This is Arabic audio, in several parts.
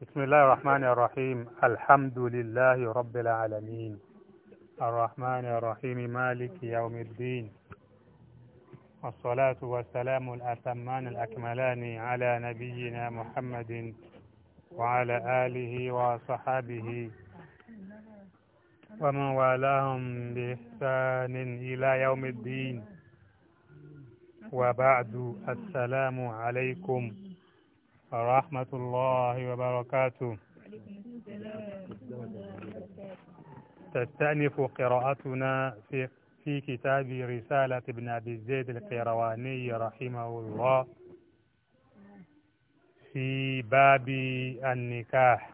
بسم الله الرحمن الرحيم الحمد لله رب العالمين الرحمن الرحيم مالك يوم الدين والصلاة والسلام الأتمان الأكملان على نبينا محمد وعلى آله وصحابه ومن والاهم بإحسان إلى يوم الدين وبعد السلام عليكم ورحمة الله وبركاته تستأنف قراءتنا في في كتاب رسالة ابن أبي زيد القيرواني رحمه الله في باب النكاح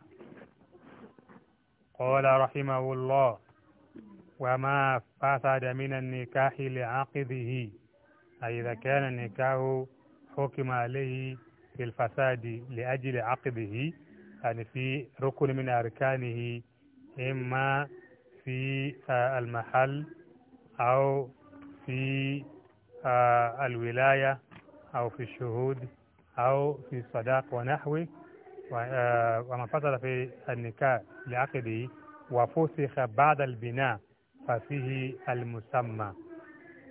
قال رحمه الله وما فسد من النكاح لعقده أي إذا كان النكاح حكم عليه في الفساد لأجل عقبه يعني في ركن من أركانه إما في آه، المحل أو في آه، الولاية أو في الشهود أو في الصداق ونحوه آه، ومن فصل في النكاح لعقده وفسخ بعد البناء ففيه المسمى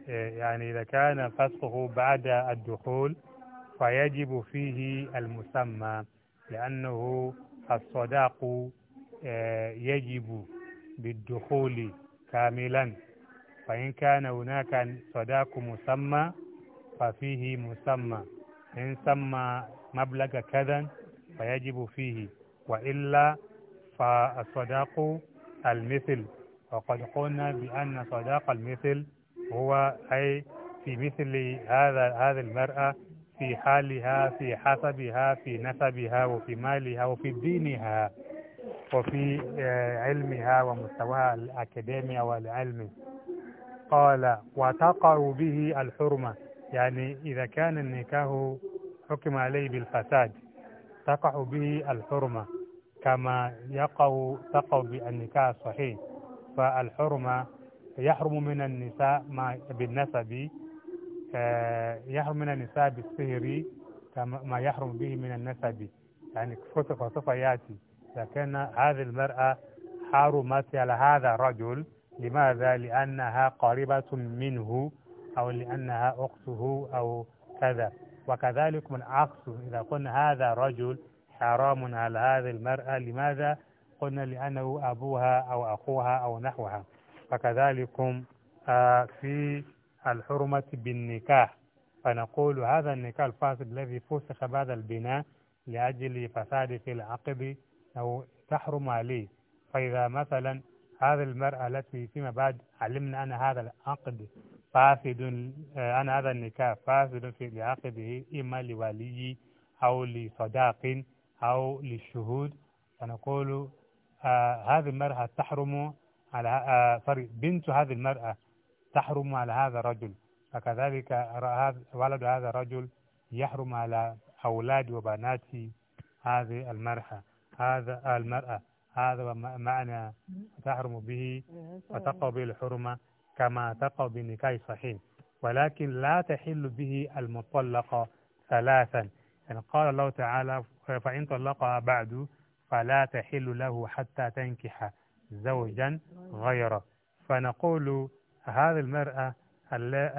إيه، يعني إذا كان فسخه بعد الدخول فيجب فيه المسمى لأنه الصداق آه، يجب بالدخول كاملا فإن كان هناك صداق مسمى ففيه مسمى إن سمى مبلغ كذا فيجب فيه وإلا فالصداق المثل وقد قلنا بأن صداق المثل هو أي في مثل هذا هذه المرأة في حالها في حسبها في نسبها وفي مالها وفي دينها وفي آه، علمها ومستواها الأكاديمي والعلمي قال وتقع به الحرمة يعني إذا كان النكاه حكم عليه بالفساد تقع به الحرمة كما يقع تقع بالنكاح الصحيح فالحرمة يحرم من النساء ما بالنسب آه، يحرم من النساء بالسهر ما يحرم به من النسب يعني فسوف يأتي لكن هذه المرأة حرمت على هذا الرجل لماذا؟ لأنها قريبة منه أو لأنها أخته أو كذا وكذلك من عكس إذا قلنا هذا رجل حرام على هذه المرأة لماذا؟ قلنا لأنه أبوها أو أخوها أو نحوها فكذلك آه، في الحرمة بالنكاح فنقول هذا النكاح الفاسد الذي فسخ بعد البناء لأجل فساد في العقد أو تحرم عليه فإذا مثلا هذه المرأة التي فيما بعد علمنا أن هذا العقد فاسد آه، أن هذا النكاح فاسد في عقده إما لولي أو لصداق أو للشهود فنقول آه هذه المرأة تحرم على آه بنت هذه المرأة تحرم على هذا الرجل فكذلك ولد هذا الرجل يحرم على أولاد وبنات هذه المرحة هذا المرأة هذا معنى تحرم به وتقع به الحرمة كما تقع بالنكاح صحيح ولكن لا تحل به المطلقة ثلاثا يعني قال الله تعالى فإن طلقها بعد فلا تحل له حتى تنكح زوجا غيره فنقول هذه المرأة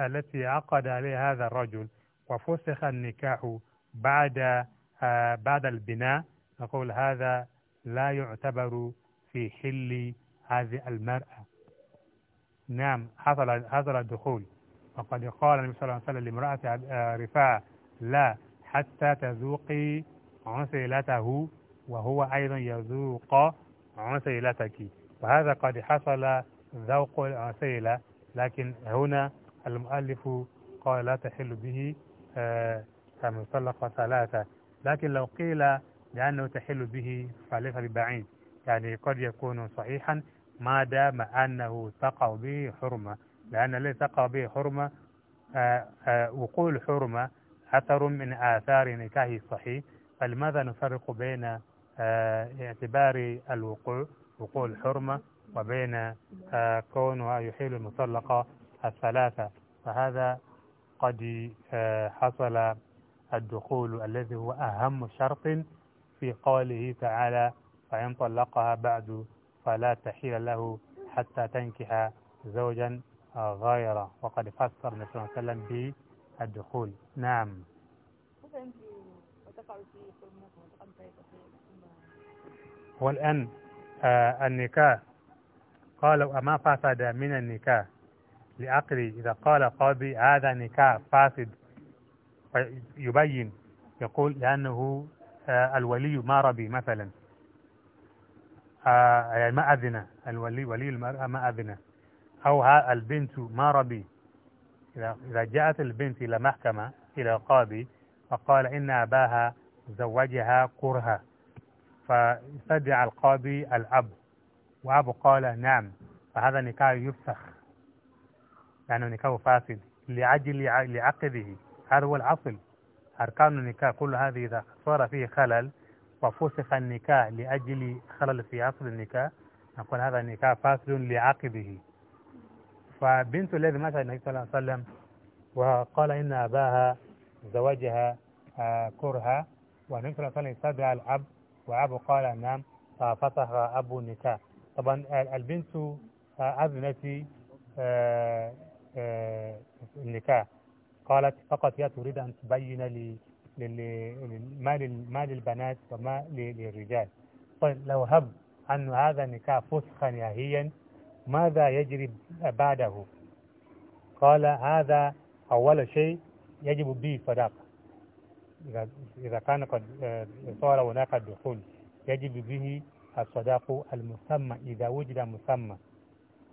التي عقد عليها هذا الرجل وفسخ النكاح بعد آه، بعد البناء نقول هذا لا يعتبر في حل هذه المرأة نعم حصل حصل الدخول وقد قال النبي صلى الله عليه وسلم لامرأة آه، رفاعة لا حتى تذوقي عسيلته وهو أيضا يذوق عسيلتك وهذا قد حصل ذوق العسيلة لكن هنا المؤلف قال لا تحل به آه، طلق ثلاثة لكن لو قيل لأنه تحل به فليس ببعيد يعني قد يكون صحيحا ما دام أنه تقع به حرمة لأن الذي تقع به حرمة آه، آه، وقول حرمة أثر من آثار نكاه الصحيح فلماذا نفرق بين اعتبار الوقوع وقوع الحرمة وبين نعم. آه، كونها يحيل المطلقة الثلاثة فهذا قد آه، حصل الدخول الذي هو أهم شرط في قوله تعالى فإن طلقها بعد فلا تحيل له حتى تنكح زوجا غيره وقد فسر النبي صلى الله عليه وسلم بالدخول نعم هو الآن آه، النكاح قالوا أما فسد من النكاح لأقري إذا قال قاضي هذا نكاح فاسد يبين يقول لأنه آه، الولي ما ربي مثلا آه، يعني ما أذن الولي ولي المرأة ما أذن أو البنت ما ربي إذا جاءت البنت إلى محكمة إلى قاضي فقال إن أباها زوجها كرها فاستدعى القاضي الأب وأبو قال نعم فهذا نكاح يفسخ لأنه يعني نكاح فاسد لعجل لعقده هذا هو الأصل أركان النكاح كل هذه إذا صار فيه خلل وفسخ النكاح لأجل خلل في أصل النكاح نقول هذا النكاح فاسد لعقده فبنت الذي مات النبي صلى الله عليه وسلم وقال إن أباها زوجها آه، كرها والنبي صلى الله عليه وسلم استدعى الأب وأبو قال نعم ففسخ أبو النكاح طبعا آه، البنت آه، أذنت آه، النكاح قالت فقط هي تريد أن تبين لي ما للبنات وما للرجال طيب لو هب أن هذا النكاح فسخا ياهيا ماذا يجري بعده قال هذا أول شيء يجب به صداقة إذا كان قد صار هناك الدخول يجب به الصداق المسمى إذا وجد مسمى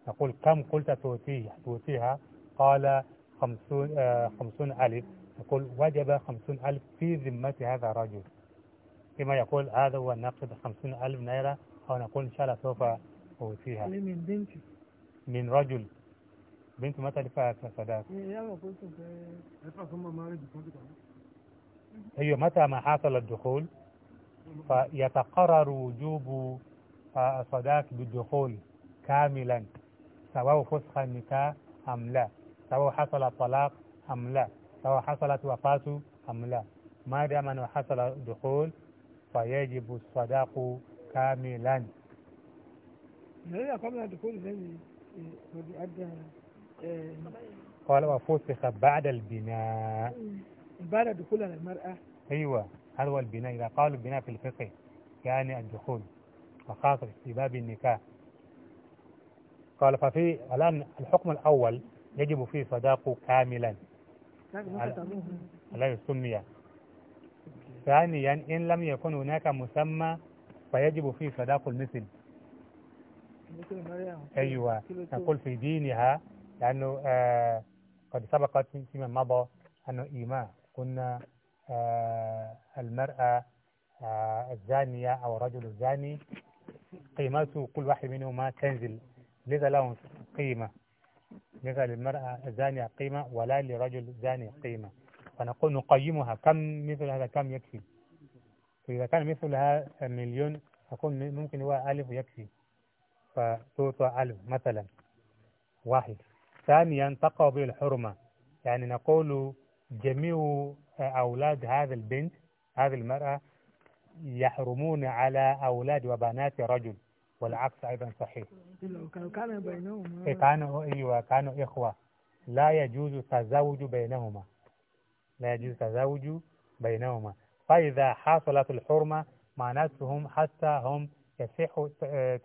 نقول كم قلت توتيه توتيها قال خمسون, آه خمسون ألف نقول وجب خمسون ألف في ذمة هذا الرجل كما يقول هذا هو نقد خمسون ألف نيرة أو نقول إن شاء الله سوف أوتيها يعني من بنت من رجل بنت ما تلفها صداق إيه، أيوة متى ما حصل الدخول فيتقرر وجوب آه، الصداق بالدخول كاملا سواء فسخ النكاح أم لا سواء حصل الطلاق أم لا سواء حصلت وفاة أم لا ما دام أنه حصل الدخول فيجب الصداق كاملا قبل الدخول آه، قال وفسخ بعد البناء بعد دخول المرأة أيوة هل هو البناء إذا قالوا البناء في الفقه يعني الدخول وخاصة في باب النكاح قال ففي الآن الحكم الأول يجب فيه صداقه كاملا لا يسمي ثانيا إن لم يكن هناك مسمى فيجب فيه صداق المثل أيوة نقول في دينها لأنه آه قد سبقت فيما مضى أنه إيماء كنا آه، المرأة آه، الزانية أو الرجل الزاني قيمته كل واحد منهما تنزل ليس لهم قيمة ليس للمرأة الزانية قيمة ولا لرجل زاني قيمة فنقول نقيمها كم مثل هذا كم يكفي فإذا كان مثلها مليون أقول ممكن هو ألف يكفي فتوطى ألف مثلا واحد ثانيا تقع به الحرمة يعني نقول جميع أولاد هذا البنت هذه المرأة يحرمون على أولاد وبنات رجل والعكس أيضا صحيح كانوا بينهما إيه، كانوا أيوة كانوا إخوة لا يجوز تزوج بينهما لا يجوز تزوج بينهما فإذا حصلت الحرمة معناتهم حتى هم تسيح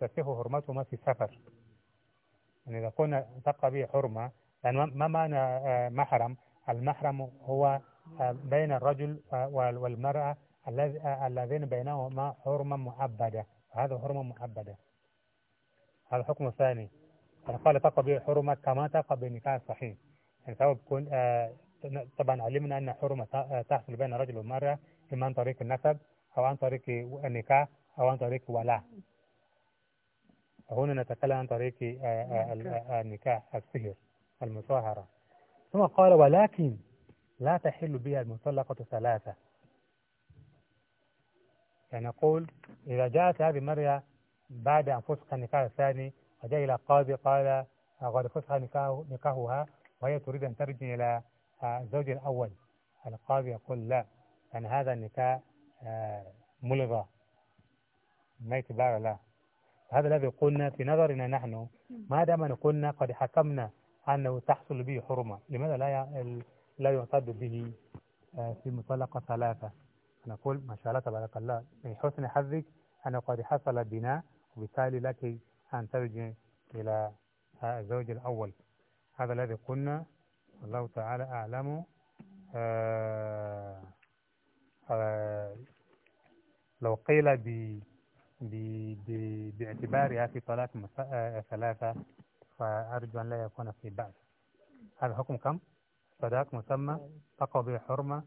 تسيح حرمتهما في السفر يعني إذا قلنا تبقى به حرمة لأن ما معنى آه، محرم المحرم هو آه، بين الرجل والمرأة آه، الذين بينهما حرمة معبدة هذا حرمة معبدة هذا الحكم الثاني يعني قال تقى به حرمة كما تقى بنكاح صحيح يعني سواء بيكون آه، طبعا علمنا أن حرمة تحصل بين الرجل والمرأة إما عن طريق النسب أو عن طريق النكاح أو عن طريق ولاء هنا نتكلم عن طريق النكاح السهر المصاهرة ثم قال ولكن لا تحل بها المطلقة ثلاثة يعني نقول إذا جاءت هذه المرأة بعد أن فسخ النكاح الثاني وجاء إلى قاضي قال قد فسخ نكاحها وهي تريد أن ترجع إلى الزوج الأول القاضي يقول لا أن يعني هذا النكاح آه، ملغى ما اعتبار لا هذا الذي قلنا في نظرنا نحن ما دام قلنا قد حكمنا أنه تحصل به حرمة لماذا لا لا يعتد به آه، في مطلقة ثلاثة نقول ما شاء الله تبارك الله من حسن حظك أن قد حصل بناء وبالتالي لك أن ترجع إلى الزوج الأول هذا الذي قلنا الله تعالى أعلم آه، آه، لو قيل ب ب ب باعتبارها في طلاق ثلاثة فأرجو أن لا يكون في بعد هذا حكم كم؟ فذاك مسمى تقع به حرمة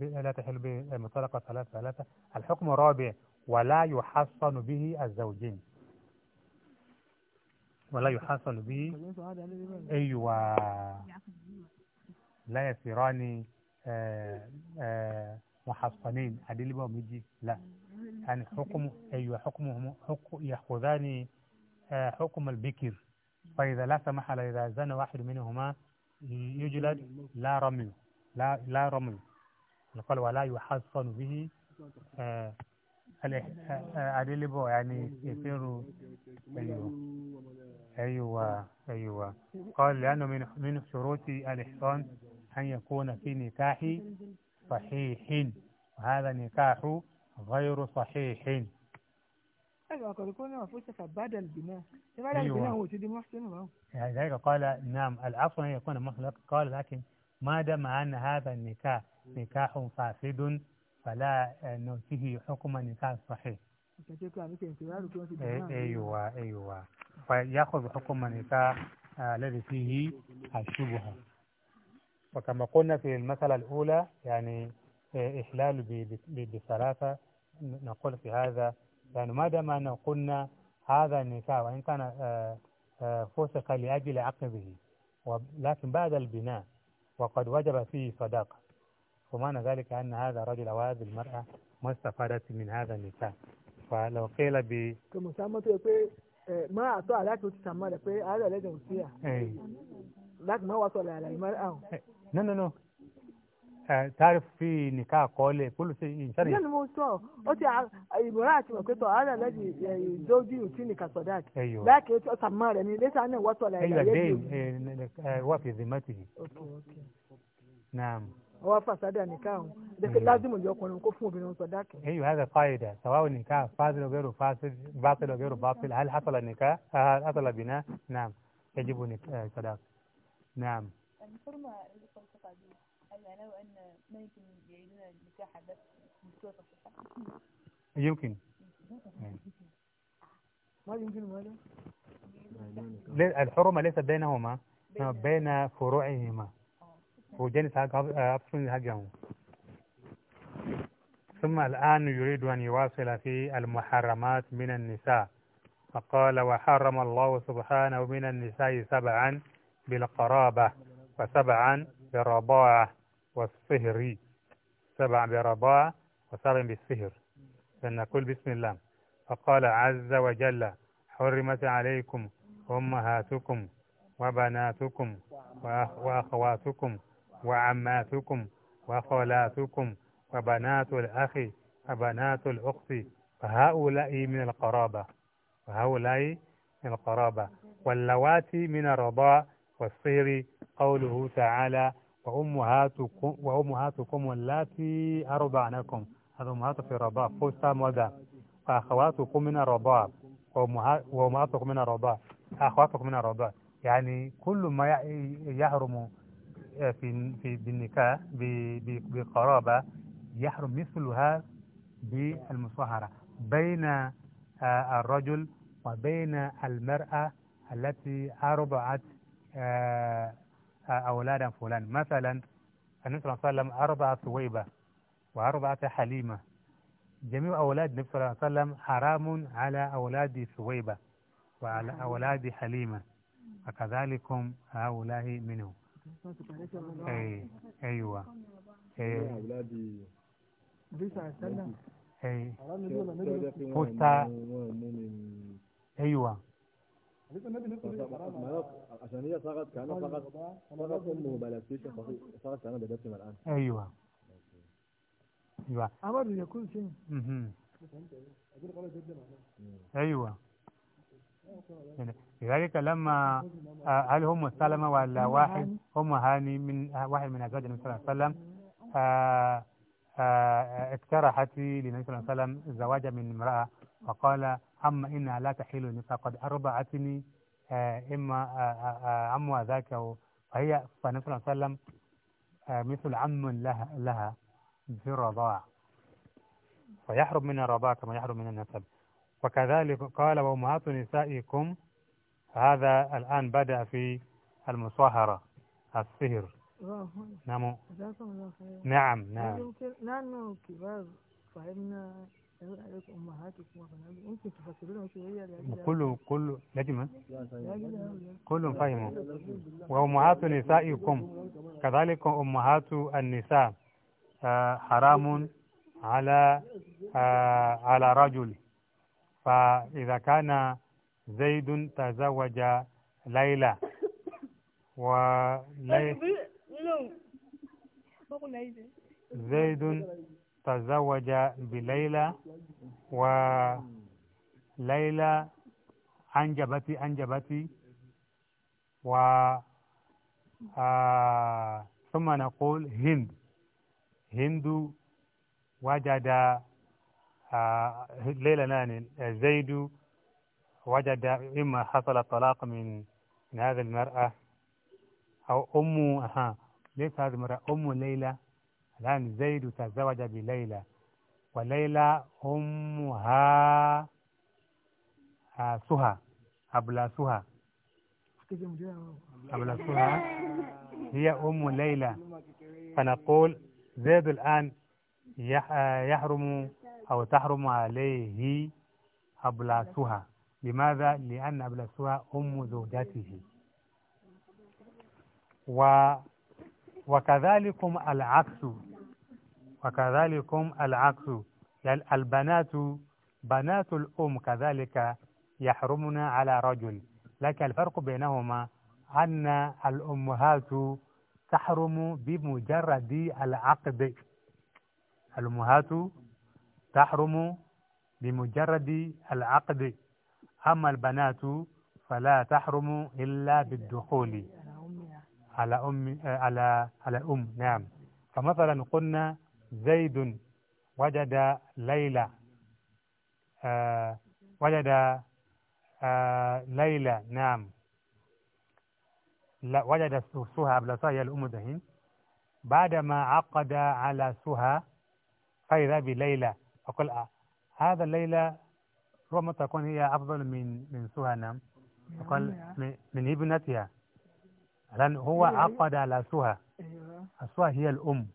لا تحل به المطلقة ثلاث ثلاثة الحكم الرابع ولا يحصن به الزوجين ولا يحصن به أيوة لا يسيران آه، آه، محصنين عدل بهم يجي لا يعني حكم أيوة حكمهم حكم يأخذان آه، حكم البكر فإذا لا سمح إذا زنى واحد منهما يجلد لا رمي لا لا رمي قال ولا يحصن به آه, آه، يعني يصير أيوة أيوة أيوة قال لأنه من من شروط الإحصان أن يكون في نكاح صحيح وهذا نكاح غير صحيح أيوة قد يكون مفوسة فبعد البناء فبعد أيوة. البناء هو سيدي محسن معه يعني ذلك قال نعم العفو أن يكون محلق قال لكن ما دام أن هذا النكاح نكاح فاسد فلا نؤتيه حكم النكاح الصحيح إيه، أيوة أيوة فيأخذ حكم النكاح الذي فيه الشبهة وكما قلنا في المسألة الأولى يعني إحلال بثلاثة نقول في هذا لأنه ما دام أنه قلنا هذا النكاح وإن كان آه، آه، فسق لأجل عقده ولكن بعد البناء وقد وجب فيه صداقة ومعنى ذلك أن هذا الرجل أو هذه المرأة ما استفادت من هذا النساء فلو قيل ب كما àtọ́ آه، ما أعطى على sàmọ́ rẹ̀ pé àárẹ̀ lẹ́dẹ̀ ò sí à láti má wàásọ̀ نو tààrífù fi nìka àkọọ́lẹ̀ pólùsì ìṣẹ́ni. yẹ́nì mo sọ ó ti ìmọ̀ràn àti mọ̀ pé tọ́ ara lẹ́bi ìdójú ìtì nìka sọ̀dá àti bẹ́ẹ̀ kì í tọ́ sàmọ́ rẹ̀ ní lẹ́sà náà wọ́tọ̀ la ìyá yé bi. wà fi zimati. naam. wọ́n fasada nìka ọ̀hún dẹ́kẹ́ lázìmù yọ ọkùnrin kó fún obìnrin sọ̀dá kẹ́. eyín wàá fàyèdà sàwáwò nìka fásilọgẹrù fásilọgẹrù báfíl hali hasala nìka hasala bìnà naam yajibu nìka sọ̀dá naam. ما يمكن يعيدون بس يمكن ما يمكن ماذا؟ الحرمة ليست بينهما بين فروعهما آه. وجنس أبصن حقهم ثم الآن يريد أن يواصل في المحرمات من النساء فقال وحرم الله سبحانه من النساء سبعا بالقرابة وسبعا بالرضاعة والصهر سبع برباع وسبع بالصهر فنقول بسم الله فقال عز وجل حرمت عليكم أمهاتكم وبناتكم وأخواتكم وعماتكم وخالاتكم وبنات الأخ وبنات الأخت فهؤلاء من القرابة وهؤلاء من القرابة واللواتي من الرضاء والصهر قوله تعالى وأمهاتكم وأمهاتكم اللاتي أرضعنكم هذا أمهات في الرضاع فوسط مدى وأخواتكم من الرضاع وأمهاتكم من الرضاع أخواتكم من الرضاع يعني كل ما يحرم آه، في في بالنكاح بقرابة يحرم مثلها بالمصاهرة بين آه، الرجل وبين المرأة التي أرضعت آه، أولادا فلان مثلا النبي صلى الله عليه وسلم أربعة ثويبة وأربعة حليمة جميع أولاد النبي صلى الله عليه وسلم حرام على أولاد ثويبة وعلى أولاد حليمة وكذلكم هؤلاء منه أي أيوة أي إيه. أي إيه. أيوة عشان هي صغت كانها صغت صغت امه بلاستيك صغت كانها بدبسم الان ايوه ايوه امر يكون شيء اها ايوه لذلك لما آه، هل هم سلمة ولا واحد هم هاني من آه، واحد من أزواج النبي صلى الله عليه وسلم آه، اقترحت للنبي صلى الله عليه وسلم الزواج من امرأة فقال أما إنها لا تحيلني فقد أربعتني آه، إما عم آه، آه، ذاك فهي فالنبي صلى الله عليه وسلم مثل عم لها, لها في الرضاع فيحرم من الرضاع كما يحرم من النسب وكذلك قال وأمهات نسائكم هذا الآن بدأ في المصاهرة السهر نعم. نعم نعم نعم نعم نعم نعم تغير عليك امهاتكم وبناتكم انتم تفكرون إيه كله كله نجمة كل فهموا وامهات نسائكم كذلك امهات النساء آه، حرام على آه، على رجل فاذا كان زيد تزوج ليلى وليلى زيد تزوج بليلى وليلى أنجبت أنجبت و آه ثم نقول هند هند وجد آه ليلى زيد وجد إما حصل الطلاق من من هذه المرأة أو أم ها ليس هذه المرأة أم ليلى الآن زيد تزوج بليلى وليلى أمها آه، سهى أبلا سهى أبلا سهى هي أم ليلى فنقول زيد الآن آه، يحرم أو تحرم عليه سهى لماذا؟ لأن سهى أم زوجته و وكذلك العكس وكذلكم العكس البنات بنات الأم كذلك يحرمن على رجل لكن الفرق بينهما أن الأمهات تحرم بمجرد العقد الأمهات تحرم بمجرد العقد أما البنات فلا تحرم إلا بالدخول على أم على على أم نعم فمثلا قلنا زيد وجد ليلى آه وجد آه ليلى نعم لا وجد سهى بلا هي الأم دهين بعدما عقد على سهى فإذا بليلى فقل آه هذا ليلى ربما تكون هي أفضل من من سهى نعم, نعم، فقال نعم. من ابنتها لأن هو أيوة. عقد على سهى أيوة. السهى هي الأم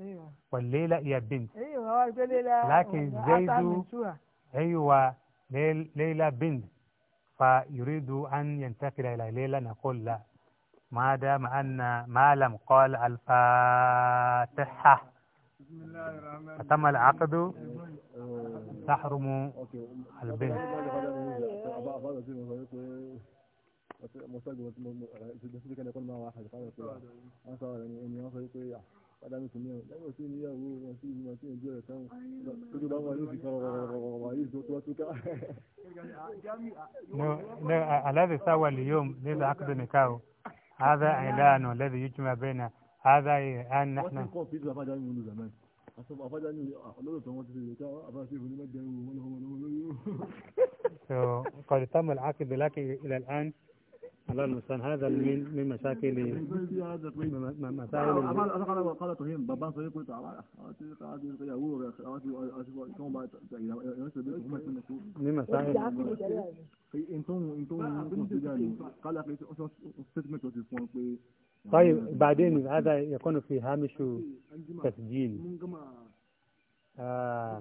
ايوه والليله يا بنت ايوه, أيوة، ليله لكن زيد ايوه ليلى بنت فيريد ان ينتقل الى ليلى نقول لا ما دام ان ما لم قال الفاتحه بسم العقد تحرم البنت تم كان يقول البنت واحد قال صديقي padà mi sùn ní ọ lẹ́yìn òsì níyàwó wọn sí ìlú àti ìjọ rẹ̀ táwọn lójú bá wọn yóò fi kan wàwàwàwà yìí tó tó ká. الذي سوى اليوم ليس عقد نكاح هذا إعلان الذي يجمع بين هذا الآن نحن قد تم العقد لكن إلى الآن الله المستعان هذا من من مشاكل من مسائل طيب بعدين هذا يكون في هامش تسجيل آه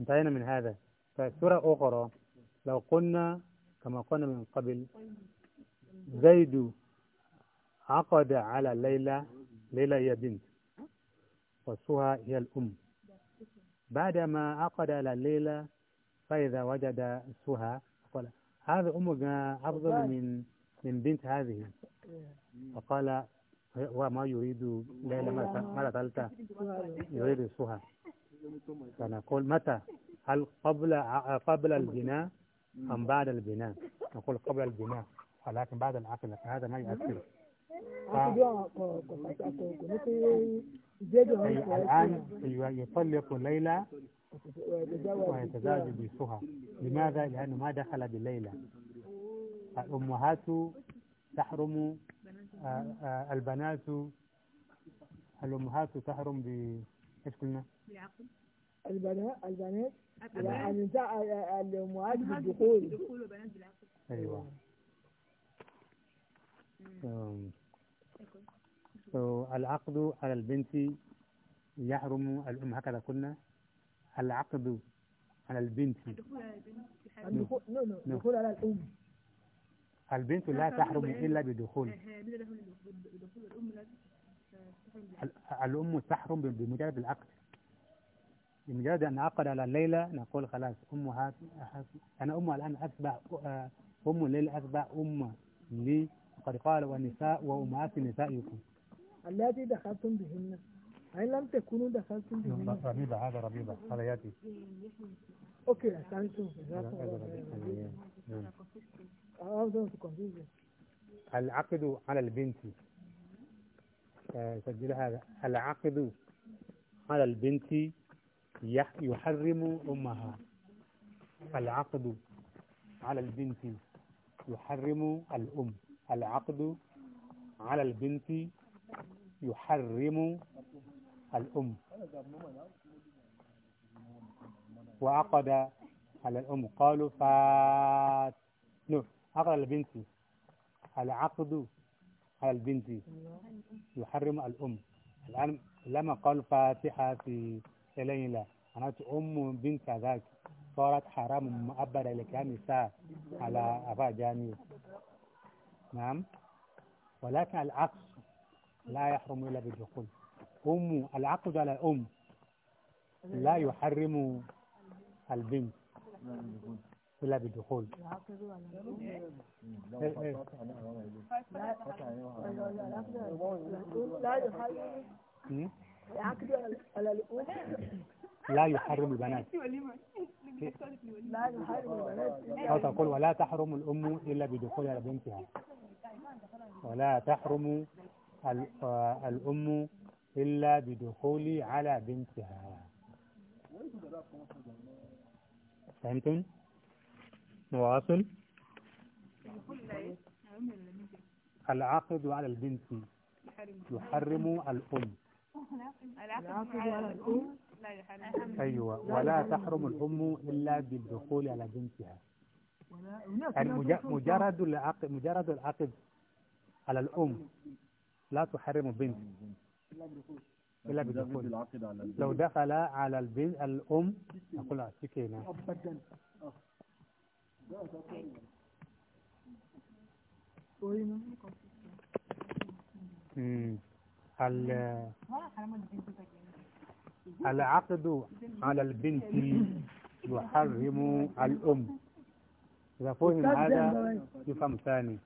انتهينا من هذا فسورة أخرى لو قلنا كما قلنا من قبل زيد عقد على ليلى ليلى هي بنت وسهى هي الأم بعدما عقد على ليلى فإذا وجد سهى قال هذا أمك أفضل من من بنت هذه فقال وما يريد ليلى ماذا قالت يريد سهى فنقول متى هل قبل قبل البناء أم بعد البناء نقول قبل البناء ولكن بعد العقل هذا ما يؤثر الآن يطلق ليلى ويتزوج بسهى لماذا؟ لأنه ما دخل بليلى الأمهات تحرم آه، آه، البنات الأمهات تحرم ب إيش قلنا؟ البنات البنات يعني الأمهات بالدخول بالعقل أيوه العقد على البنت يحرم الأم هكذا قلنا العقد على البنت الدخول على نعم. نعم، الأم البنت لا آه، تحرم إلا آه، آه، بدخول الأم تحرم بمجرد العقد بمجرد أن عقد على ليلى نقول خلاص أمها أنا أمها الآن أتبع أم ليلى أتبع أم لي وقد قال ونساء وأمهات نسائكم التي دخلتم بهن أي لم تكونوا دخلتم بهن ربيبة هذا ربيبة هذا ياتي أوكي أحسنتم أه، أه، أه، العقد على البنت سجل هذا العقد على البنت يحرم أمها العقد على البنت يحرم الأم العقد على البنت يحرم الأم وعقد على الأم قالوا فات نو نعم. عقد على البنت العقد على البنت يحرم الأم الآن لما قال فاتحة في ليلة أنا أم بنت ذاك صارت حرام مؤبدة لكان نساء على أفا جاني نعم ولكن العقد لا يحرم إلا بالدخول أم العقد على الأم لا يحرم البنت إلا بالدخول لا يحرم البنات لا يحرم البنات تقول ولا تحرم الأم إلا بدخولها بنتها ولا تحرم آه، الأم إلا بدخول على بنتها فهمتم؟ نواصل العقد على البنت يحرم الأم العقد على الأم أيوة ولا تحرم الأم إلا بالدخول على بنتها مجرد العقد مجرد العقد على الأم لا تحرم البنت إلا بدخول لو دخل على البنت الأم أقول أعطيكينا العقد على البنت يحرم الأم إذا فهم هذا يفهم ثاني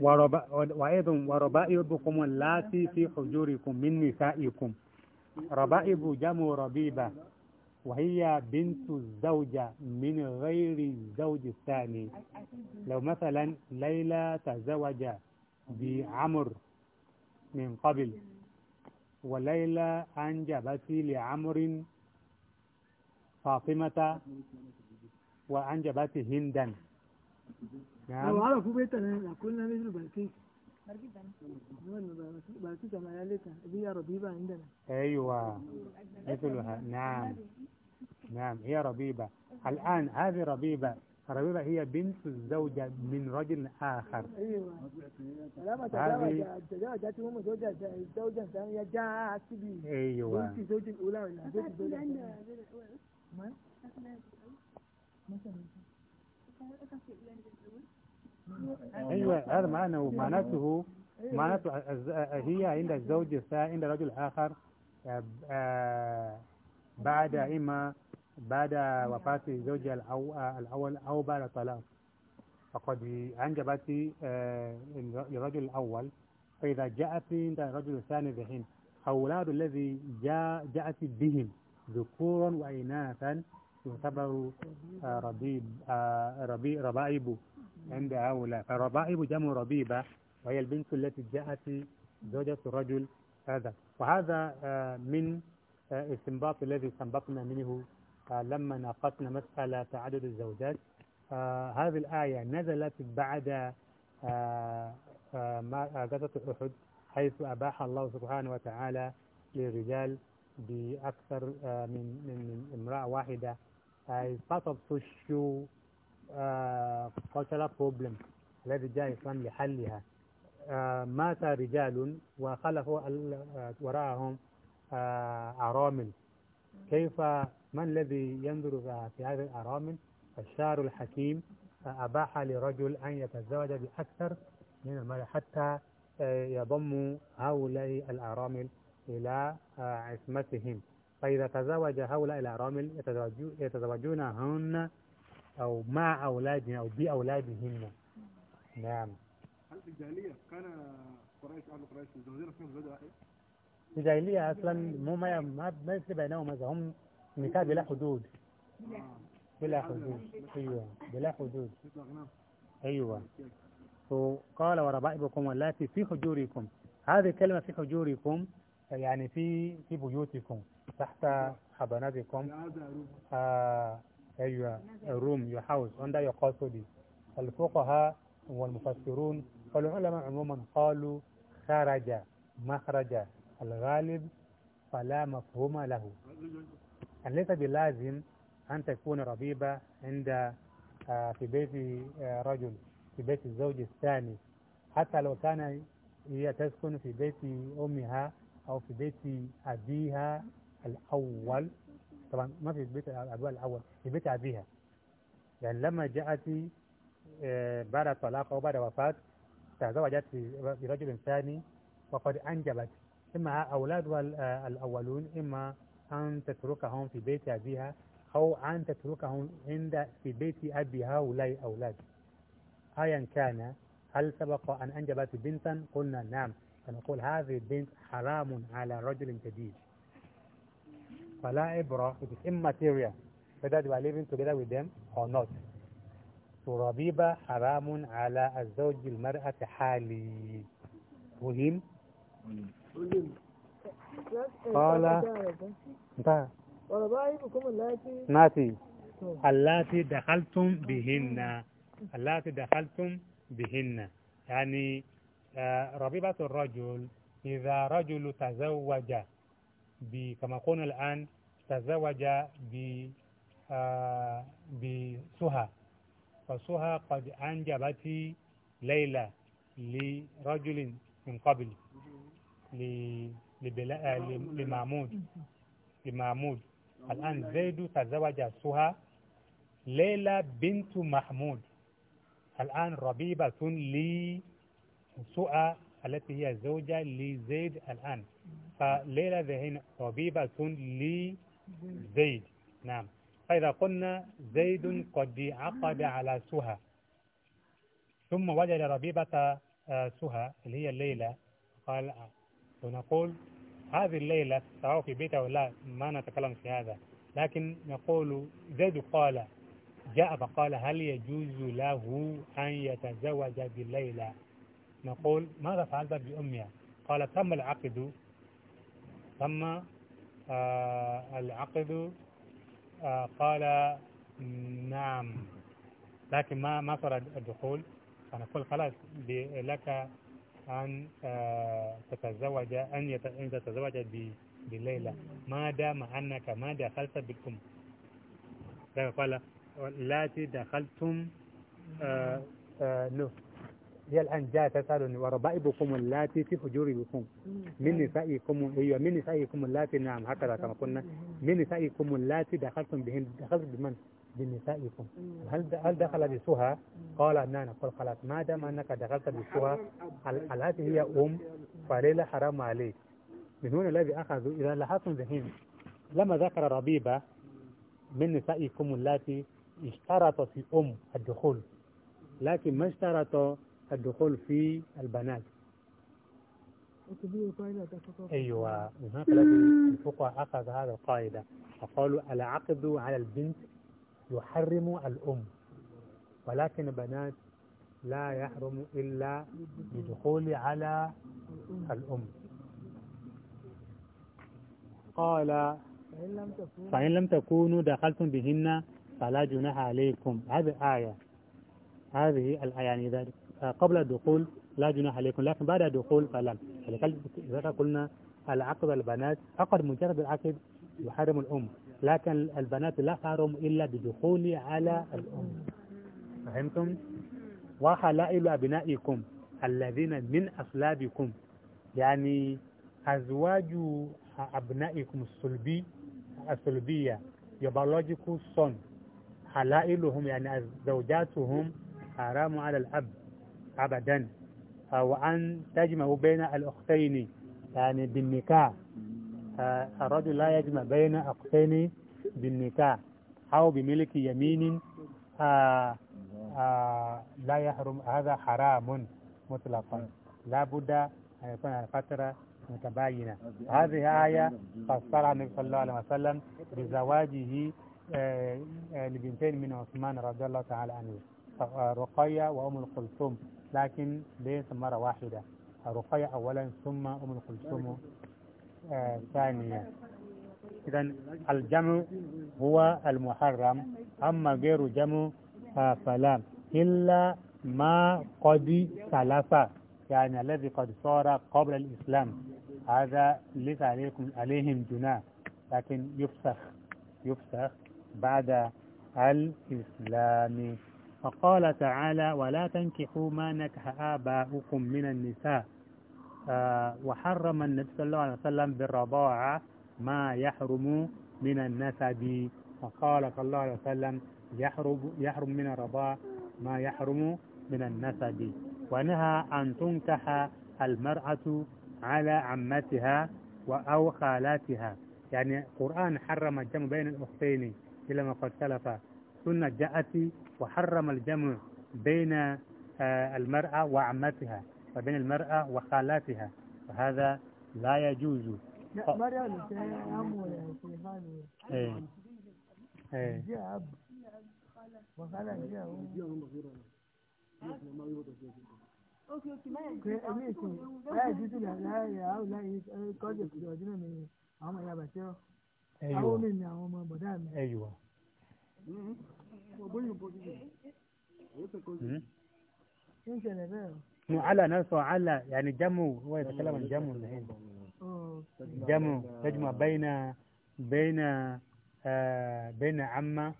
وربا وأيضا وربائبكم اللاتي في حجوركم من نسائكم ربائب جم ربيبة وهي بنت الزوجة من غير الزوج الثاني لو مثلا ليلى تزوج بعمر من قبل وليلى أنجبت لعمر فاطمة وأنجبت هندا نعم لو عرفوا كلنا كنا مثل بلقيس بلقيس ملالتها هي ربيبة عندنا أيوة مثلها نعم نعم هي ربيبة الآن هذه ربيبة ربيبة هي بنت الزوجة من رجل آخر أيوة لما تزوجت أم زوجة الزوجة الثانية جاءت بي أيوة بنت زوج الأولى ولا بنت الزوجة الأولى ايوه هذا معنى ومعناته معناته هي عند الزوج الثاني عند رجل اخر آه، آه، بعد اما بعد وفاة الزوج الأول أو بعد الطلاق فقد أنجبت آه، الرجل الأول فإذا جاءت عند الرجل الثاني ذهن أولاد الذي جاء جاءت بهم ذكورا وإناثا يعتبر آه، ربيب آه، ربي ربائب عند هؤلاء فربائب جمع ربيبة وهي البنت التي جاءت زوجة الرجل هذا وهذا آه، من استنباط الذي استنبطنا منه لما ناقشنا مسألة تعدد الزوجات هذه الآية نزلت بعد غزوة أحد حيث أباح الله سبحانه وتعالى للرجال بأكثر من من امرأة واحدة فقط تشو قتل بروبلم الذي جاء الإسلام لحلها آه، مات رجال وخلفوا آه، وراءهم آه، أرامل كيف من الذي ينظر في هذه الأرامل الشعر الحكيم أباح لرجل أن يتزوج بأكثر من المال حتى يضم هؤلاء الأرامل إلى عصمتهم فإذا تزوج هؤلاء الأرامل يتزوجونهن أو مع أولادهن أو بأولادهن نعم هل في الجاهلية كان قريش أهل قريش يتزوجون في بلد واحد؟ في الجاهلية أصلا مو ما ما يصير بينهم هم نكاح بلا حدود آه. بلا حدود أيوه بلا حدود أيوه وقال وربائبكم واللاتي في حجوركم هذه الكلمة في حجوركم يعني في في بيوتكم تحت حضانتكم أيوة الروم يحوز عند يقاصدي الفقهاء والمفسرون والعلماء عموما قالوا خرج مخرج الغالب فلا مفهوم له أن ليس بلازم أن تكون ربيبة عند آه، في بيت آه، رجل في بيت الزوج الثاني حتى لو كان هي تسكن في بيت أمها أو في بيت أبيها الأول طبعا ما في بيت الأبواب الأول في بيت أبيها لأن يعني لما جاءت آه، بعد الطلاق أو بعد وفاة تزوجت برجل ثاني وقد أنجبت إما أولادها آه، الأولون إما أن تتركهم في بيت أبيها أو أن تتركهم عند في بيت أبي هؤلاء أولاد أيا كان هل سبق أن أنجبت بنتا قلنا نعم فنقول هذه البنت حرام على رجل جديد Fala ibra, it is immaterial, whether they are living together with them or not. So rabiba haramun ala azawji al hali. Muhim? Qala. Nta. وربائبكم اللاتي ناتي اللاتي دخلتم بهن اللاتي دخلتم بهن يعني ربيبة الرجل إذا رجل تزوج كما قلنا الآن تزوج آه، بسها فسها قد أنجبت ليلى لرجل من قبل آه، لمعمود لمعمود الآن زيد تزوج سها ليلى بنت محمود الآن ربيبة لسؤى التي هي زوجة لزيد الآن فليلى ذهين طبيبة لزيد نعم فإذا قلنا زيد قد عقد على سهى ثم وجد ربيبة آه، سهى اللي هي الليلة قال ونقول هذه الليلة سواء في بيته ولا ما نتكلم في هذا لكن نقول زيد قال جاء فقال هل يجوز له أن يتزوج بالليلة نقول ماذا فعلت بأمها قال تم العقد ثم آه، العقد آه، قال نعم لكن ما ما صار الدخول انا اقول خلاص لك أن آه، تتزوج أن تتزوج بليلى ما دام أنك ما دخلت بكم قال لا دخلتم له هي الآن جاء تسألني وربائبكم اللاتي في حجوركم من نسائكم أيوة من نسائكم اللاتي نعم هكذا كما قلنا من نسائكم اللاتي دخلتم بهن دخلت بمن؟ بنسائكم هل هل دخل بسها؟ قال نعم قل خلاص ما دام أنك دخلت بسها التي هي أم فليلة حرام عليك من هنا الذي أخذوا إذا لاحظتم ذهن لما ذكر ربيبة من نسائكم اللاتي اشترط في أم الدخول لكن ما اشترط الدخول في البنات أيوة هناك الفقهاء أخذ هذا القاعدة فقالوا العقد على البنت يحرم الأم ولكن البنات لا يحرم إلا بدخول على الأم قال فإن لم تكونوا دخلتم بهن فلا جناح عليكم هذه آية هذه الآية يعني ذلك قبل الدخول لا جناح عليكم لكن بعد الدخول فلا لذلك قلنا العقد البنات عقد مجرد العقد يحرم الأم لكن البنات لا تحرم إلا بدخول على الأم فهمتم وحلائل أبنائكم الذين من أصلابكم يعني أزواج أبنائكم الصلبي الصلبية يبالوجيكو صن حلائلهم يعني زوجاتهم حرام على الأب أبدا وأن تجمع بين الأختين يعني بالنكاح الرجل لا يجمع بين أختين بالنكاح أو بملك يمين آه، آه، لا يحرم هذا حرام مطلقا لا بد أن يكون الفتره متباينة هذه آية فسرها النبي صلى الله عليه وسلم بزواجه آه، لبنتين من عثمان رضي الله تعالى عنه رقية وأم الكلثوم لكن ليس مرة واحدة رقية أولا ثم أم كلثوم آه، ثانية إذا الجمع هو المحرم أما غير جمع آه، فلا إلا ما قد سلف يعني الذي قد صار قبل الإسلام هذا ليس عليكم عليهم جناح لكن يفسخ يفسخ بعد الإسلام فقال تعالى ولا تنكحوا ما نكح آباؤكم من النساء آه، وحرم النبي صلى الله عليه وسلم بالرضاعة ما يحرم من النسب فقال صلى الله عليه وسلم يحرم, يحرم من الرضاعة ما يحرم من النسب ونهى أن تنكح المرأة على عمتها أو خالاتها يعني القرآن حرم الجمع بين الأختين إلى ما قد سلف سنة جاءت وحرم الجمع بين آه، المرأة وعمتها وبين المرأة وخالاتها وهذا لا يجوز ايوه على نفسه على يعني جمو هو يتكلم عن جمو الحين جمو تجمع بين بين بين عمة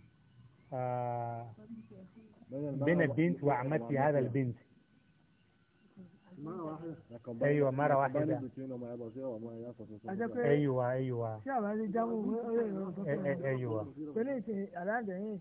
بين بنت وعمتي هذا البنت مرة واحدة ايوه مرة واحدة ايوه ايوه ايوه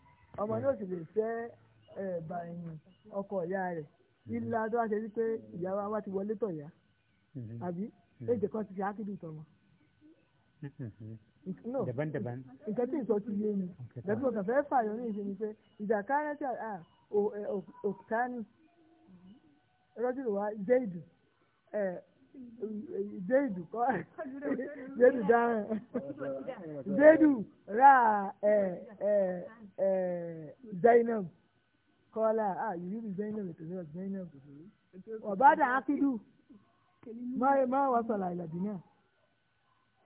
ọmọ hmm. náà sì lè fẹ́ bàyìn ọkọ ìyá rẹ̀ hmm. ilá tó wá ṣe sí pé ìyá wa wá ti wọlé tọ̀yà hmm. àbí èdè kan ti ṣe ákíndì tọmọ. nǹkan tí ìsọ ti yé mi dàbí ọkàn fẹ́ fààyàn ní ìṣe ni pé ìdàkárẹ́ tí a òkúta ní wa jẹ́ ìdù Zaidu kọ́ Zaidu dáhùn Zaidu ra ẹ̀ ẹ̀ ẹ̀ Zainab kọ́lá ah yìí rí Zainab ètò ìrọ̀ Zainab ọ̀bádà akidu má wà sọ̀lá ìlàdínà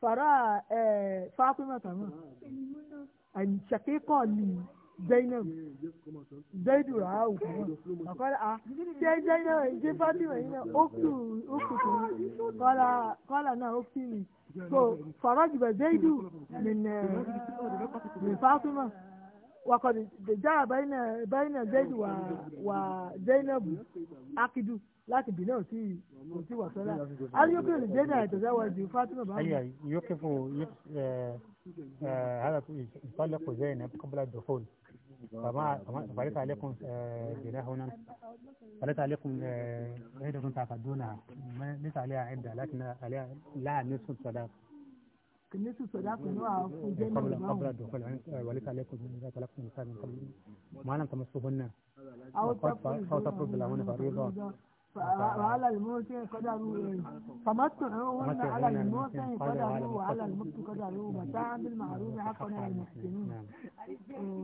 fara ẹ̀ Fatima tàmà àyìnṣàkékọ̀ọ́ nìyí. Zainab Zaidu Rahau akwai a sai Zainab je Fatima ina uktu uktu kala kala na uktu ni so faraj ba Zaidu min eh, min Fatima وقد جاء بين بين زيد وزينب عقد لكن بناء في في وصلة هل يمكن لزيد أن يتزوج فاطمة بعد؟ أي يوقف هذا يطلق زينب قبل الدخول فليس عليكم جناح فليس عليكم عدة تعقدونها ليس عليها عدة لكن عليها لا نصف الصداق نصف الصداق قبل قبل الدخول وليس عليكم إذا طلقتم النساء من قبل ما لم تمسوهن أو تفرض لهن فريضة وعلى الموت قدروا تمتعوا على الموت قدروا وعلى الموت قدروا متاعا بالمعروف حقا على المحسنين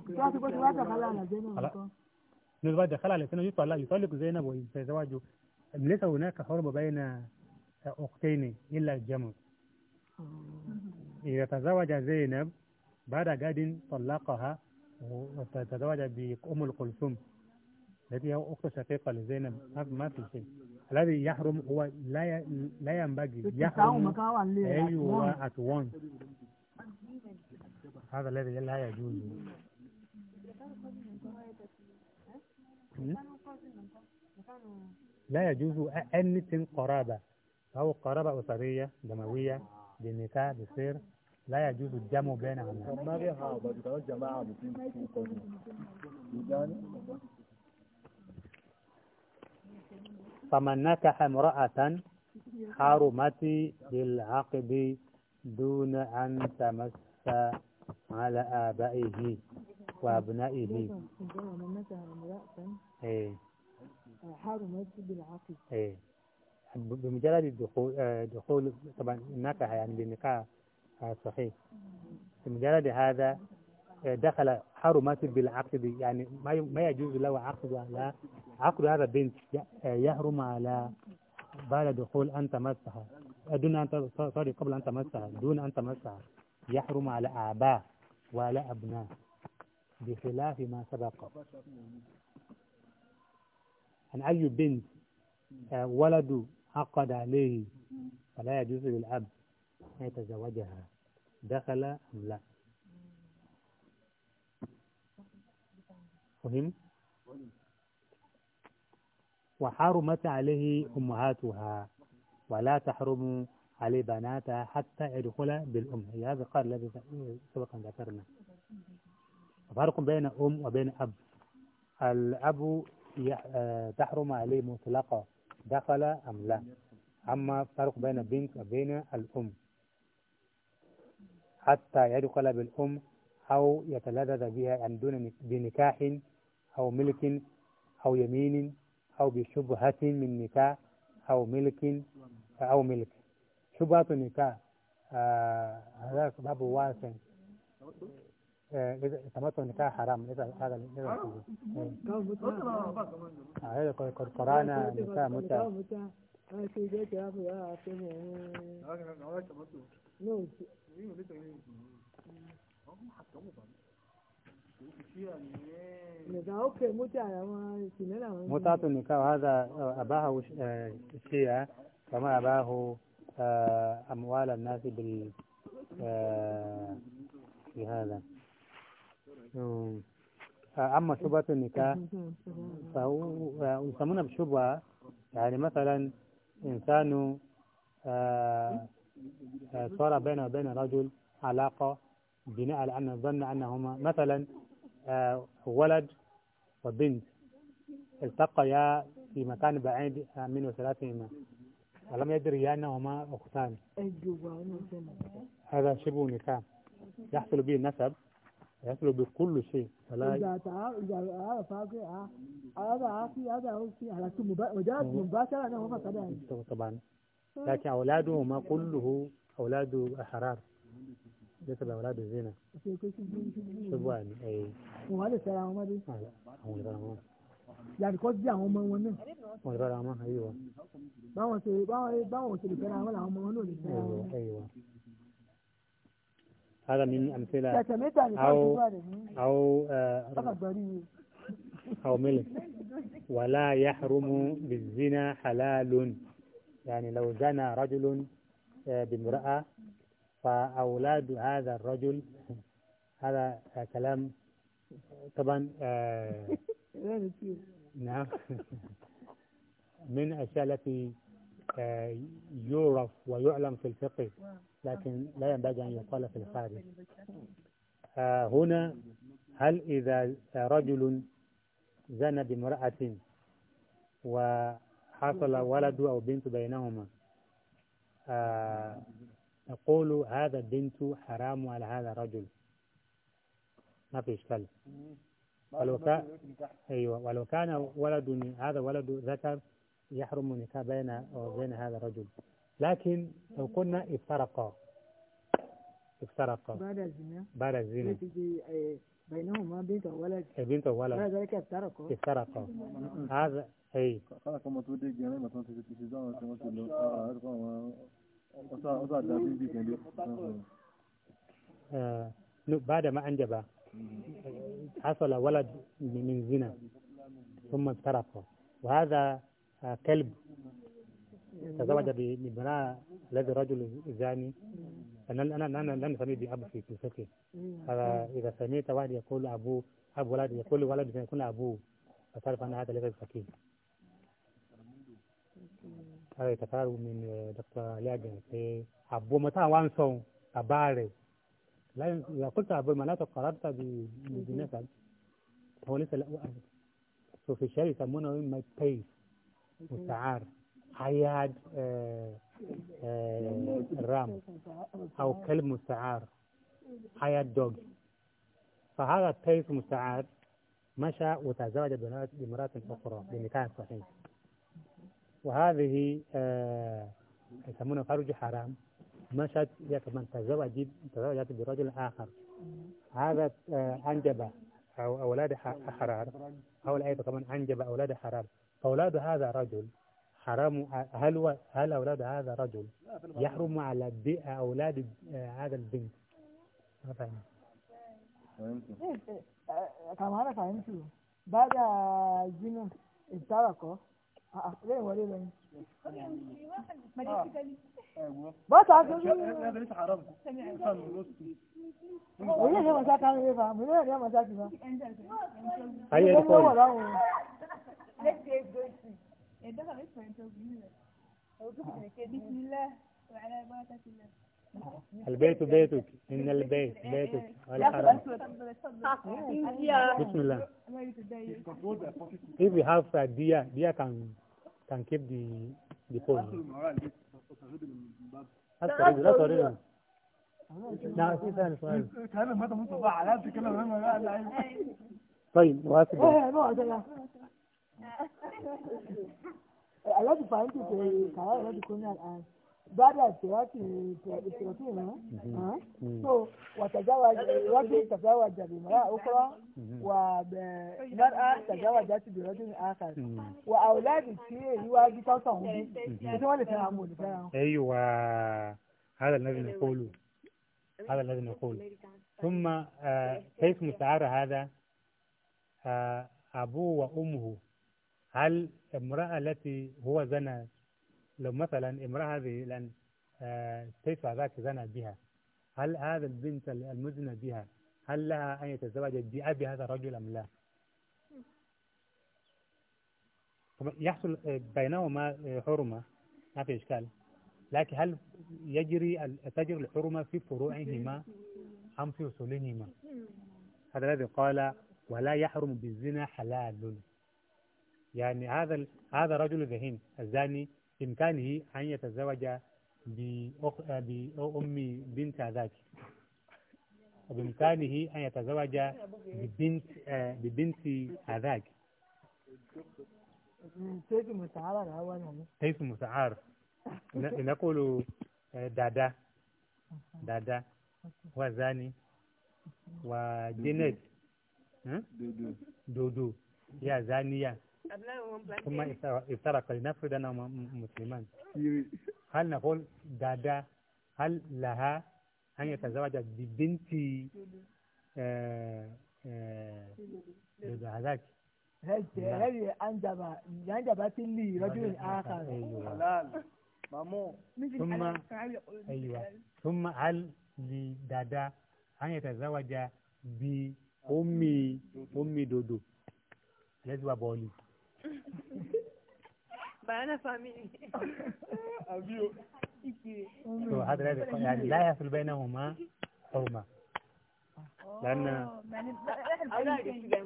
كيف تقول واحدة خلالة زينب نزوج دخل على سنة يطلق يطلق زينب ويتزوج ليس هناك حرب بين أختين إلا الجمع إذا تزوج زينب بعد قد طلقها وتزوج بأم الكلثوم التي هي أخت شقيقة لزينب ما في شيء الذي يحرم هو لا ي... لا ينبغي يحرم أيوة at once هذا الذي لا يجوز hmm? لا يجوز تن قرابة أو قرابة أسرية دموية بالنساء بسير لا يجوز الجمع بينهما فمن نكح امرأة حرمت بالعقد دون أن تمس على آبائه وأبنائه من نكح امرأة حرمت بالعقد إيه. بمجرد الدخول آه، دخول طبعا نكح يعني بالنكاح آه، صحيح بمجرد هذا دخل حرمت بالعقد يعني ما يجوز له عقد على عقد هذا بنت يحرم على بعد دخول أن تمسها دون أن سوري قبل أن تمسها دون أن تمسها يحرم على آباء ولا أبناء بخلاف ما سبق عن يعني أي بنت آه، ولد عقد عليه فلا يجوز للأب أن يتزوجها دخل أم لا فهم وحرمت عليه أمهاتها ولا تحرم عليه بناتها حتى يدخل بالأم هذا قال الذي سبقا ذكرنا فرق بين أم وبين أب الأب آه، تحرم عليه مطلقة دخل أم لا أما فرق بين بنت وبين الأم حتى يدخل بالأم أو يتلذذ بها عن دون بنكاح أو ملك أو يمين أو بشبهة من نكاح أو ملك أو ملك شبهة نكاح آه هذا باب واسع آه، تمتع النكاح حرام ليس هذا آه، هذا قد قرانا نكاح متعة آه، نعم متعة النكاح هذا أباه الشيعة كما أباه أموال الناس بال بهذا أما شبهة النكاح فهو يسمونها بشبهة يعني مثلا إنسان صار بينه وبين رجل علاقة بناء على أن ظن أنهما مثلا ولد وبنت التقيا في مكان بعيد من وسلاتهما ولم يدري أنهما أختان هذا شبه نكاح يحصل به النسب يحصل به كل شيء فلا هذا هذا على مباشرة أنهما طبعا لكن أولادهما كله أولاد أحرار ليس بأولاد الزينة شبوان أي وهذا السلام ما دي هم اللي بعمر يعني كل جا هم من وين هم اللي بعمر أيوة باو سي باو باو سي السلام ولا هم من أيوة هذا من أمثلة يعني أو أو آه أو ملك ولا يحرم بالزنا حلال يعني لو زنى رجل آه، بامرأة فأولاد هذا الرجل هذا كلام طبعا آه، نعم من الأشياء التي آه، يعرف ويعلم في الفقه لكن لا ينبغي أن يقال في الخارج آه، هنا هل إذا رجل زنى بامرأة وحصل ولد أو بنت بينهما نقول هذا البنت حرام على هذا الرجل ما في إشكال ولو كان أيوة ولو كان ولد هذا ولد ذكر يحرم النكاح بين وبين هذا الرجل لكن لو قلنا افترقا افترقا بعد الزنا بعد الزنا بينهما بنت وولد بنت وولد بعد ذلك افترقا افترقا هذا اي بعد ما أنجب حصل ولد من زنا ثم افترقوا وهذا كلب تزوج بابناء الذي رجل زاني أنا أنا أنا لم أسميه بأب في الفقه هذا إذا سميت واحد يقول أبوه أب ولد يقول ولد يكون أبوه فتعرف أن هذا ليس فقيه ara ìtàkàrà mi ni dr aliagan pé àbò ọmọ táwọn wá ń sọ bàbá rẹ̀ láyé ìyàkútà àbò ìmọ̀ látọ̀ kọ̀rápítà bí ìdí náà sáré àwọn oníṣẹ́lẹ̀ sòfin ṣẹ́rì ìsàmúnà ní my pay mùsàár hired ram أو كلب مستعار hired dog فهذا pay مستعار مشى وتزوج بامرأة أخرى بنكاح صحيح وهذه آه، يسمونها فرج حرام مشت هي كمان تزوجت تزوجت برجل آخر هذا آه، أنجب أو أولاد حرار أو الآية كمان أنجب أولاد حرار فأولاد هذا رجل حرام هل و... هل أولاد هذا رجل يحرم على أولاد آه، هذا البنت ما فهمت فهمت كمان فهمت بعد جنون اتركه lẹ́yìn wọlé lọ ni. bọ́sà tó ń bí. òye ìyá màsá kan lè fa mi lóye ìyá màsá ti fa. ayé ẹni kọ́ ni. ẹ̀dọ́gà mi sọ̀rọ̀ ìtọ́jú rẹ̀. البيت بيتك إن البيت بيتك الحرام بسم الله if we have a deer deer can can keep the the pole that's already that's already نعم في ثاني سؤال كلام هذا مصطفى على هذا الكلام انا طيب واسف ايه نوع ده علاج فهمت الكلام الذي كنا الان بعد اشتراكه اشتراكهما سو وتزوج رجل تزوج بامرأة أخرى ومرأة تزوجت برجل آخر وأولاد الشيء هو بتوصهم هو اللي فهموا أيوه هذا الذي نقوله هذا الذي نقوله ثم آه كيف مستعار هذا آه أبوه وأمه هل امرأة التي هو زنى لو مثلا امرأة هذه الآن آه، تدفع ذاك زنى بها هل هذا البنت المزنى بها هل لها أن يتزوج بأبي هذا الرجل أم لا؟ يحصل آه، بينهما آه، حرمة ما في إشكال لكن هل يجري تجري الحرمة في فروعهما أم في أصولهما هذا الذي قال ولا يحرم بالزنا حلال يعني هذا هذا رجل ذهين الزاني إمكانه أن يتزوج بأخ... بأم بنت ذاك وبإمكانه أن يتزوج ببنت ببنت ذاك سيف مستعار أولا سيف مستعار نقول دادا دادا وزاني وجنيد دودو يا زانية ثم افترق لنفرض أنهما مسلمان هل نقول دادا هل لها أن يتزوج ببنت زوجك هل أنجب أنجبت لي رجل آخر حلال ثم أيوة ثم هل لدادا أن يتزوج بأمي أمي دودو لازم بقولي بأنا فاهمين هذا يعني لا يصل بينهما حرمة لأن آه، يعني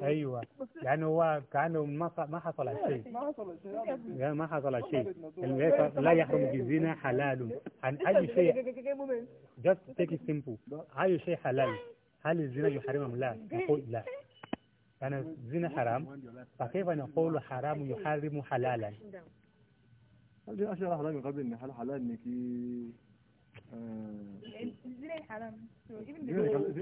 أيوة لأنه يعني هو كأنه ما حصل على شيء يعني ما حصل على شيء لا يحرم الزنا حلال عن أي شيء just take it simple أي شيء حلال هل الزنا يحرم أم لا نقول لا أنا يعني الزنا حرام فكيف نقول حرام يحرم حلالا هل دي أشياء راح من قبل إن حلال حلال نكي زين الحرام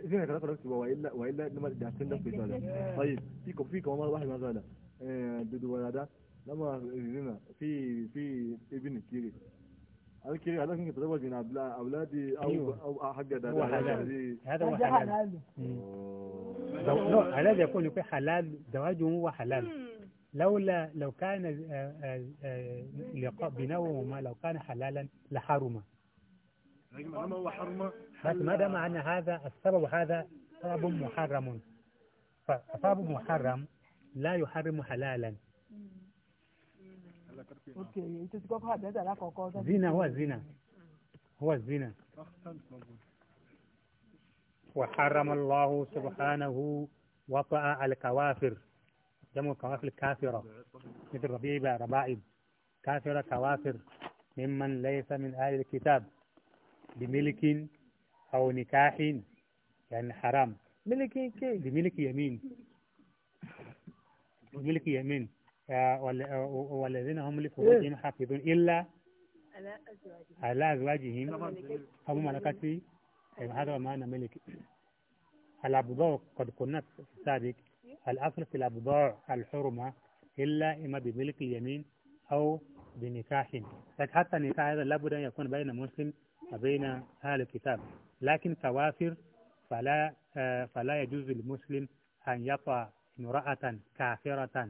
زين الحرام قلت وإلا وإلا لما دعتين ده في إيه، زادة إيه، إيه. طيب فيكم فيكم مرة واحد ما زادة آه، بدو ولاده لما زينا في في ابن كيري هل كيري هذا كان يتزوج من أولادي أو أيوه. أو حق هذا هو حلال هذا هو حلال هذا يكون في حلال زواجه هو حلال لولا لو كان آه، آه، آه، لقاء بينهما لو كان حلالا لحرم بس ماذا معنى هذا السبب هذا سبب محرم فسبب محرم لا يحرم حلالا زنا هو الزنا هو الزنا وحرم الله سبحانه وطأ الكوافر جمع كوافر كافرة مثل ربيبة ربائب كافرة كوافر ممن ليس من أهل الكتاب بملك أو نكاح يعني حرام ملك بملك يمين بملك يمين آه، آه، والذين هم لفروجهم حافظون إلا على أزواجهم على أزواجهم هم ملكات إيه، هذا ما أنا ملك الأبضاء قد كنا في السابق الاصل في الأبضاع الحرمة إلا إما بملك اليمين أو بنكاح لكن حتى النكاح هذا لابد أن يكون بين مسلم وبين أهل الكتاب لكن كوافر فلا آه، فلا يجوز للمسلم أن يطع امرأة كافرة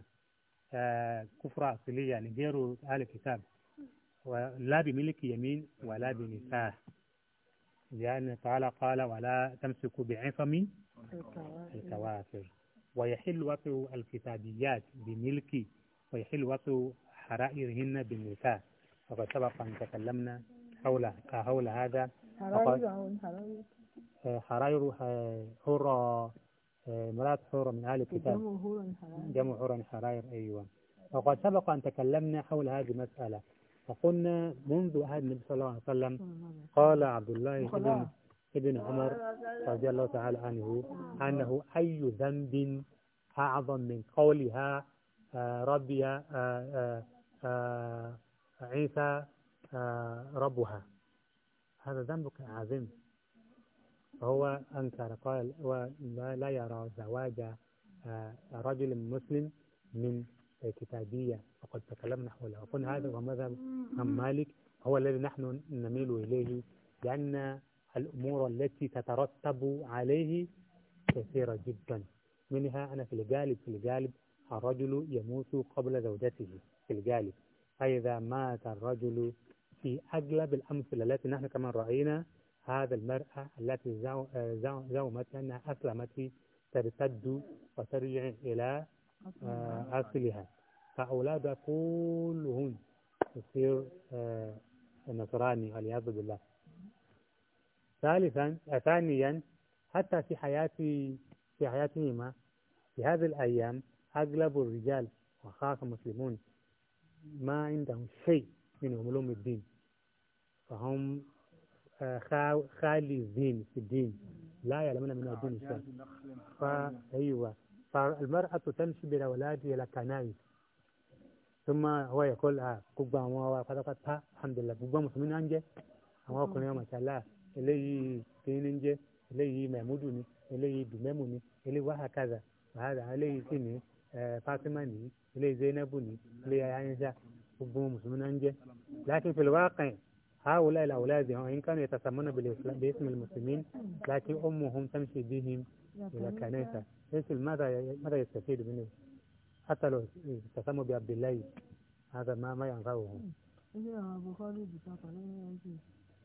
آه، كفرة أصلية غير أهل الكتاب ولا بملك يمين ولا بنكاح لأن يعني تعالى قال ولا تمسكوا بعصم الكوافر ويحل وقع الكتابيات بملكي ويحل وقع حرائرهن بالنساء وقد سبق أن تكلمنا حول حول هذا حرائر آه، آه، حرة آه، مرات حرة من أهل الكتاب جمع حرة حرائر أيوة وقد سبق أن تكلمنا حول هذه المسألة وقلنا منذ عهد النبي صلى الله عليه وسلم قال عبد الله بن ابن عمر رضي الله تعالى عنه أنه أي ذنب أعظم من قولها آه، ربي آه، آه، عيسى ربها هذا ذنبك عظيم فهو أنكر قال ولا يرى زواج رجل مسلم من كتابية وقد تكلمنا حولها وقلنا هذا ومذهب مالك هو الذي نحن نميل إليه لأن الأمور التي تترتب عليه كثيرة جدا منها أنا في الغالب في الغالب الرجل يموت قبل زوجته في الغالب فإذا مات الرجل في أغلب الأمثلة التي نحن كمان رأينا هذا المرأة التي زومت أنها أسلمت ترتد وترجع إلى آه، أصلها فأولادها كلهم يصير آه، نصراني والعياذ بالله ثالثا ثانيا حتى في حياتي في حياتهما في هذه الأيام أغلب الرجال وخاصة المسلمون ما عندهم شيء من علوم الدين فهم آه، خالي الدين في الدين لا يعلمون آه، من الدين شيء فأيوة فالمرأة تمشي بأولادها إلى كنائس ثم هو يقول آه كوبا موا فقط الحمد لله كوبا مسلمين أنجي أما كنا ما شاء الله eléyìí kínní ń jẹ́ eléyìí mẹ̀múdù ni eléyìí dùmẹ́mù ni eléyìí wàhákàdà wàhádà eléyìí sì ní Fatima ni eléyìí Zainabu ni eléyìí Aisha gbogbo mùsùlùmí náà ń jẹ́ láti fi lọ́wọ́ kàn هؤلاء الأولاد وإن كانوا يتسمون باسم المسلمين لكن أمهم تمشي بهم إلى كنيسة ماذا ماذا يستفيد منه حتى لو تسموا بعبد الله هذا ما ما ينفعهم.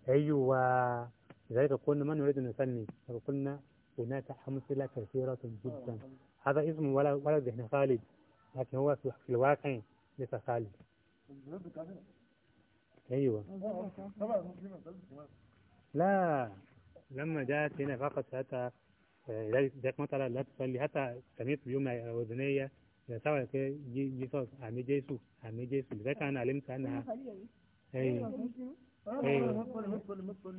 أيوة لذلك قلنا ما نريد أن نسمي قلنا هناك أمثلة كثيرة جدا هذا اسم ولا ولا ذهن خالد لكن هو في الواقع ليس خالد أيوة لا لما جاءت هنا فقط حتى ذاك آه، مثلا لا تصلي حتى سميت بيوم أذنية سواء جيسوس عمي جيسو عمي جيسو لذلك أنا علمت أنها أيوة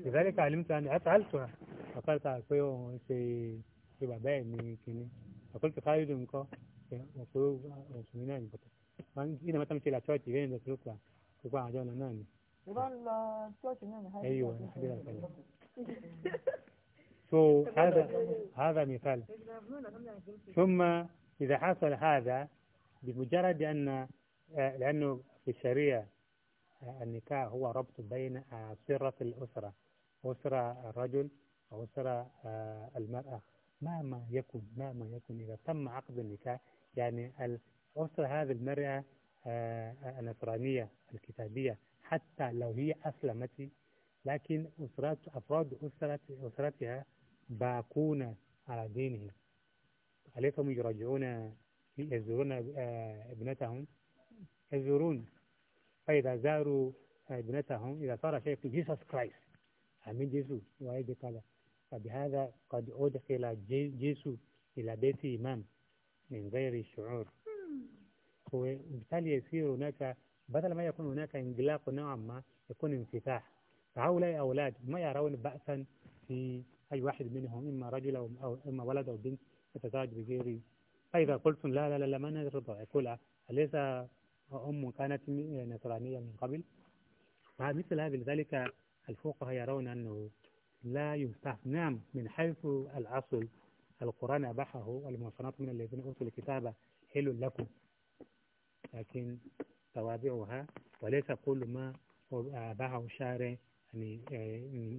لذلك علمت أني أفعلتها فقال تعرفيه في بابا من كني فقلت خالد منك وفروض وسمينا يبطل فأنا إذا ما تمشي لا تواتي غير إذا سلوكها تبقى عجونا ناني أيوة سو هذا هذا مثال ثم إذا حصل هذا بمجرد أن لأنه في الشريعة النكاح هو ربط بين سرة آه، الأسرة أسرة الرجل وأسرة آه، المرأة مهما يكن مهما يكن إذا تم عقد النكاح يعني الأسرة هذه المرأة آه، النصرانية الكتابية حتى لو هي أسلمت لكن أسرات أفراد أسرة أسرتها باقون على دينهم أليسهم يراجعون يزورون ابنتهم يزورون فإذا زاروا آه، ابنتهم إذا صار شيء في جيسوس كرايست أمين جيسوس وأيد قال فبهذا قد أدخل جيسو إلى بيت إمام من غير شعور وبالتالي يصير هناك بدل ما يكون هناك انغلاق نوعا ما يكون انفتاح فهؤلاء أولاد ما يرون بأسا في أي واحد منهم إما رجل أو إما ولد أو بنت يتزوج بغير فإذا قلتم لا لا لا, لا ما نرضى يقول أليس وأم كانت يعني نصرانية من قبل مثل هذا لذلك الفقهاء يرون أنه لا يستثنى نعم من حيث الأصل القرآن أباحه والمحصنات من الذين أوتوا الكتاب حل لكم لكن توابعها وليس كل ما أباحه الشارع يعني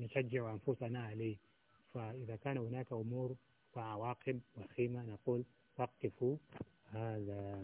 نشجع أنفسنا عليه فإذا كان هناك أمور وعواقب وخيمة نقول وقفوا هذا